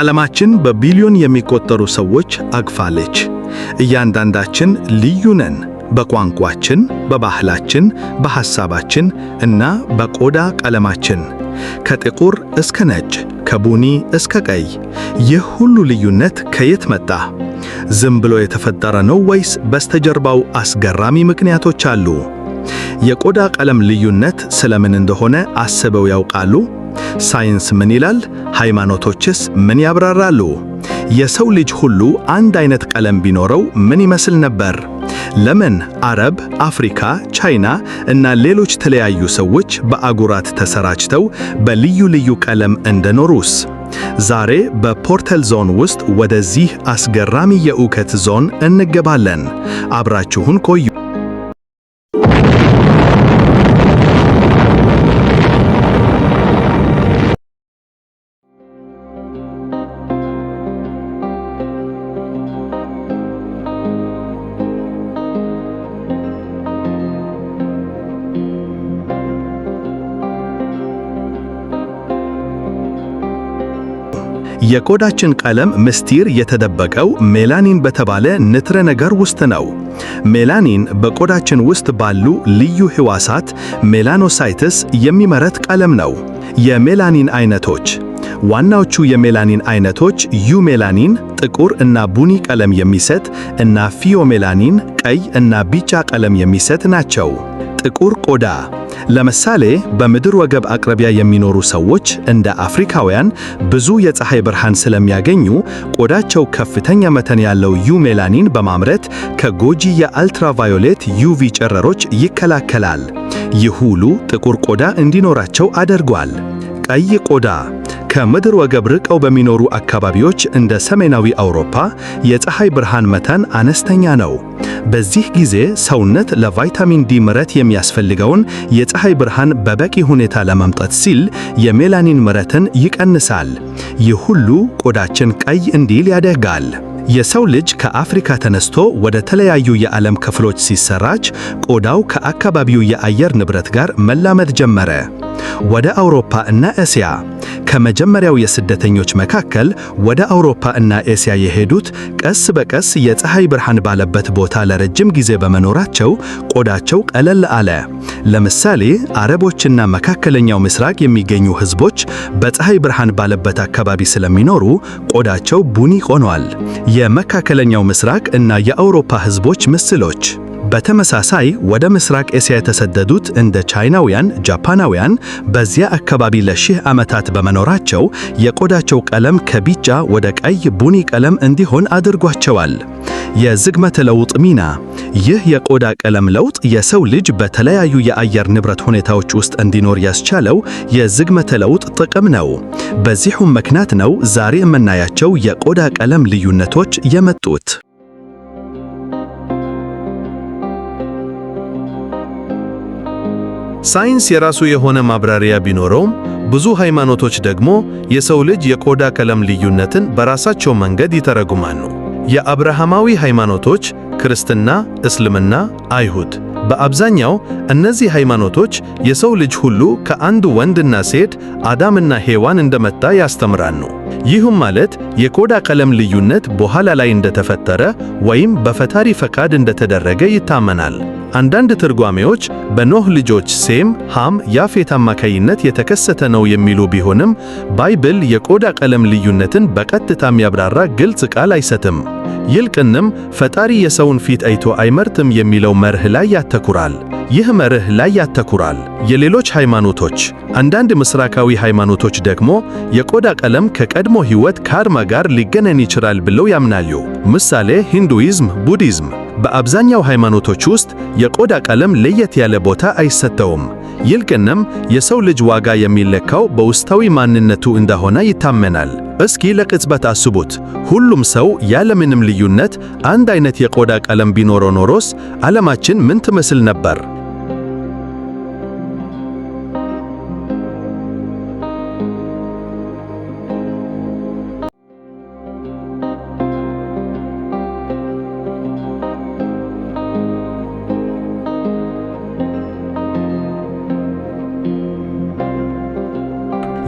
ዓለማችን በቢሊዮን የሚቆጠሩ ሰዎች አቅፋለች። እያንዳንዳችን ልዩ ነን። በቋንቋችን፣ በባህላችን፣ በሐሳባችን እና በቆዳ ቀለማችን ከጥቁር እስከ ነጭ፣ ከቡኒ እስከ ቀይ። ይህ ሁሉ ልዩነት ከየት መጣ? ዝም ብሎ የተፈጠረ ነው ወይስ በስተጀርባው አስገራሚ ምክንያቶች አሉ? የቆዳ ቀለም ልዩነት ስለምን እንደሆነ አስበው ያውቃሉ? ሳይንስ ምን ይላል? ሃይማኖቶችስ ምን ያብራራሉ? የሰው ልጅ ሁሉ አንድ አይነት ቀለም ቢኖረው ምን ይመስል ነበር? ለምን አረብ፣ አፍሪካ፣ ቻይና እና ሌሎች ተለያዩ ሰዎች በአጉራት ተሰራጭተው በልዩ ልዩ ቀለም እንደኖሩስ? ዛሬ በፖርተል ዞን ውስጥ ወደዚህ አስገራሚ የእውቀት ዞን እንገባለን። አብራችሁን ቆዩ። የቆዳችን ቀለም ምስጢር የተደበቀው ሜላኒን በተባለ ንጥረ ነገር ውስጥ ነው። ሜላኒን በቆዳችን ውስጥ ባሉ ልዩ ህዋሳት ሜላኖሳይትስ የሚመረት ቀለም ነው። የሜላኒን አይነቶች ዋናዎቹ የሜላኒን አይነቶች ዩ ሜላኒን ጥቁር እና ቡኒ ቀለም የሚሰጥ እና ፊዮ ሜላኒን ቀይ እና ቢጫ ቀለም የሚሰጥ ናቸው። ጥቁር ቆዳ ለምሳሌ በምድር ወገብ አቅራቢያ የሚኖሩ ሰዎች እንደ አፍሪካውያን ብዙ የፀሐይ ብርሃን ስለሚያገኙ ቆዳቸው ከፍተኛ መጠን ያለው ዩ ሜላኒን በማምረት ከጎጂ የአልትራቫዮሌት ዩቪ ጨረሮች ይከላከላል። ይህ ሁሉ ጥቁር ቆዳ እንዲኖራቸው አድርጓል። ቀይ ቆዳ ከምድር ወገብ ርቀው በሚኖሩ አካባቢዎች እንደ ሰሜናዊ አውሮፓ የፀሐይ ብርሃን መጠን አነስተኛ ነው። በዚህ ጊዜ ሰውነት ለቫይታሚን ዲ ምረት የሚያስፈልገውን የፀሐይ ብርሃን በበቂ ሁኔታ ለማምጣት ሲል የሜላኒን ምረትን ይቀንሳል። ይህ ሁሉ ቆዳችን ቀይ እንዲል ያደርጋል። የሰው ልጅ ከአፍሪካ ተነስቶ ወደ ተለያዩ የዓለም ክፍሎች ሲሰራጭ ቆዳው ከአካባቢው የአየር ንብረት ጋር መላመድ ጀመረ። ወደ አውሮፓ እና እስያ። ከመጀመሪያው የስደተኞች መካከል ወደ አውሮፓ እና እስያ የሄዱት ቀስ በቀስ የፀሐይ ብርሃን ባለበት ቦታ ለረጅም ጊዜ በመኖራቸው ቆዳቸው ቀለል አለ። ለምሳሌ አረቦችና መካከለኛው ምስራቅ የሚገኙ ህዝቦች በፀሐይ ብርሃን ባለበት አካባቢ ስለሚኖሩ ቆዳቸው ቡኒ ሆኗል። የመካከለኛው ምስራቅ እና የአውሮፓ ህዝቦች ምስሎች በተመሳሳይ ወደ ምስራቅ እስያ የተሰደዱት እንደ ቻይናውያን፣ ጃፓናውያን በዚያ አካባቢ ለሺህ ዓመታት በመኖራቸው የቆዳቸው ቀለም ከቢጫ ወደ ቀይ ቡኒ ቀለም እንዲሆን አድርጓቸዋል። የዝግመተ ለውጥ ሚና ይህ የቆዳ ቀለም ለውጥ የሰው ልጅ በተለያዩ የአየር ንብረት ሁኔታዎች ውስጥ እንዲኖር ያስቻለው የዝግመተ ለውጥ ጥቅም ነው። በዚሁም ምክንያት ነው ዛሬ የምናያቸው የቆዳ ቀለም ልዩነቶች የመጡት። ሳይንስ የራሱ የሆነ ማብራሪያ ቢኖረውም ብዙ ሃይማኖቶች ደግሞ የሰው ልጅ የቆዳ ቀለም ልዩነትን በራሳቸው መንገድ ይተረጉማሉ። የአብርሃማዊ ሃይማኖቶች ክርስትና፣ እስልምና፣ አይሁድ በአብዛኛው እነዚህ ሃይማኖቶች የሰው ልጅ ሁሉ ከአንድ ወንድና ሴት አዳምና ሔዋን እንደመጣ ያስተምራሉ። ይህም ማለት የቆዳ ቀለም ልዩነት በኋላ ላይ እንደተፈጠረ ወይም በፈጣሪ ፈቃድ እንደተደረገ ይታመናል። አንዳንድ ትርጓሜዎች በኖህ ልጆች ሴም፣ ሃም፣ ያፌት አማካይነት የተከሰተ ነው የሚሉ ቢሆንም ባይብል የቆዳ ቀለም ልዩነትን በቀጥታ የሚያብራራ ግልጽ ቃል አይሰጥም። ይልቅንም ፈጣሪ የሰውን ፊት አይቶ አይመርጥም የሚለው መርህ ላይ ያተኩራል። ይህ መርህ ላይ ያተኩራል። የሌሎች ሃይማኖቶች አንዳንድ ምስራቃዊ ሃይማኖቶች ደግሞ የቆዳ ቀለም ከቀድሞ ሕይወት ካርማ ጋር ሊገናኝ ይችላል ብለው ያምናሉ። ምሳሌ ሂንዱይዝም፣ ቡዲዝም በአብዛኛው ሃይማኖቶች ውስጥ የቆዳ ቀለም ለየት ያለ ቦታ አይሰጠውም። ይልቅንም የሰው ልጅ ዋጋ የሚለካው በውስጣዊ ማንነቱ እንደሆነ ይታመናል። እስኪ ለቅጽበት አስቡት፣ ሁሉም ሰው ያለምንም ልዩነት አንድ አይነት የቆዳ ቀለም ቢኖረው ኖሮስ ዓለማችን ምን ትመስል ነበር?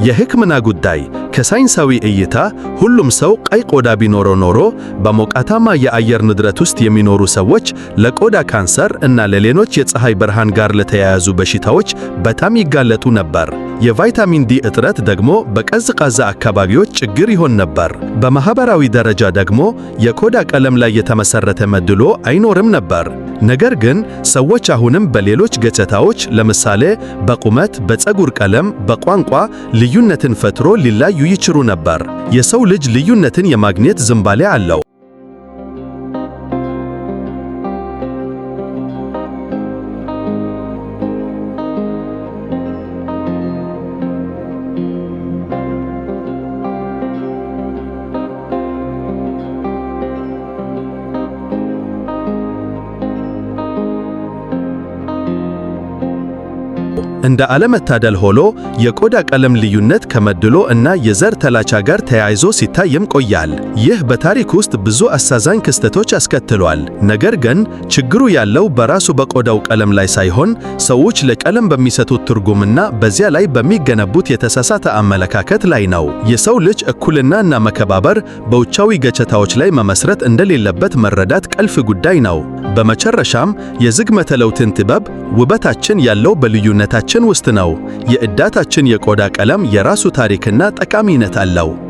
የሕክምና ጉዳይ ከሳይንሳዊ እይታ ሁሉም ሰው ቀይ ቆዳ ቢኖሮ ኖሮ በሞቃታማ የአየር ንድረት ውስጥ የሚኖሩ ሰዎች ለቆዳ ካንሰር እና ለሌሎች የፀሐይ ብርሃን ጋር ለተያያዙ በሽታዎች በጣም ይጋለጡ ነበር። የቫይታሚን ዲ እጥረት ደግሞ በቀዝቃዛ አካባቢዎች ችግር ይሆን ነበር። በማህበራዊ ደረጃ ደግሞ የቆዳ ቀለም ላይ የተመሰረተ መድሎ አይኖርም ነበር። ነገር ግን ሰዎች አሁንም በሌሎች ገጽታዎች ለምሳሌ በቁመት፣ በፀጉር ቀለም፣ በቋንቋ ልዩነትን ፈጥሮ ሊላዩ ይችሉ ነበር። የሰው ልጅ ልዩነትን የማግኘት ዝንባሌ አለው። እንደ አለመታደል ሆሎ የቆዳ ቀለም ልዩነት ከመድሎ እና የዘር ተላቻ ጋር ተያይዞ ሲታይም ቆያል። ይህ በታሪክ ውስጥ ብዙ አሳዛኝ ክስተቶች አስከትሏል። ነገር ግን ችግሩ ያለው በራሱ በቆዳው ቀለም ላይ ሳይሆን ሰዎች ለቀለም በሚሰጡት ትርጉምና በዚያ ላይ በሚገነቡት የተሳሳተ አመለካከት ላይ ነው። የሰው ልጅ እኩልናና መከባበር በውጫዊ ገጽታዎች ላይ መመስረት እንደሌለበት መረዳት ቁልፍ ጉዳይ ነው። በመጨረሻም የዝግመተ ለውጥን ጥበብ ውበታችን ያለው በልዩነታችን በእጃችን ውስጥ ነው። የእዳታችን የቆዳ ቀለም የራሱ ታሪክና ጠቃሚነት አለው።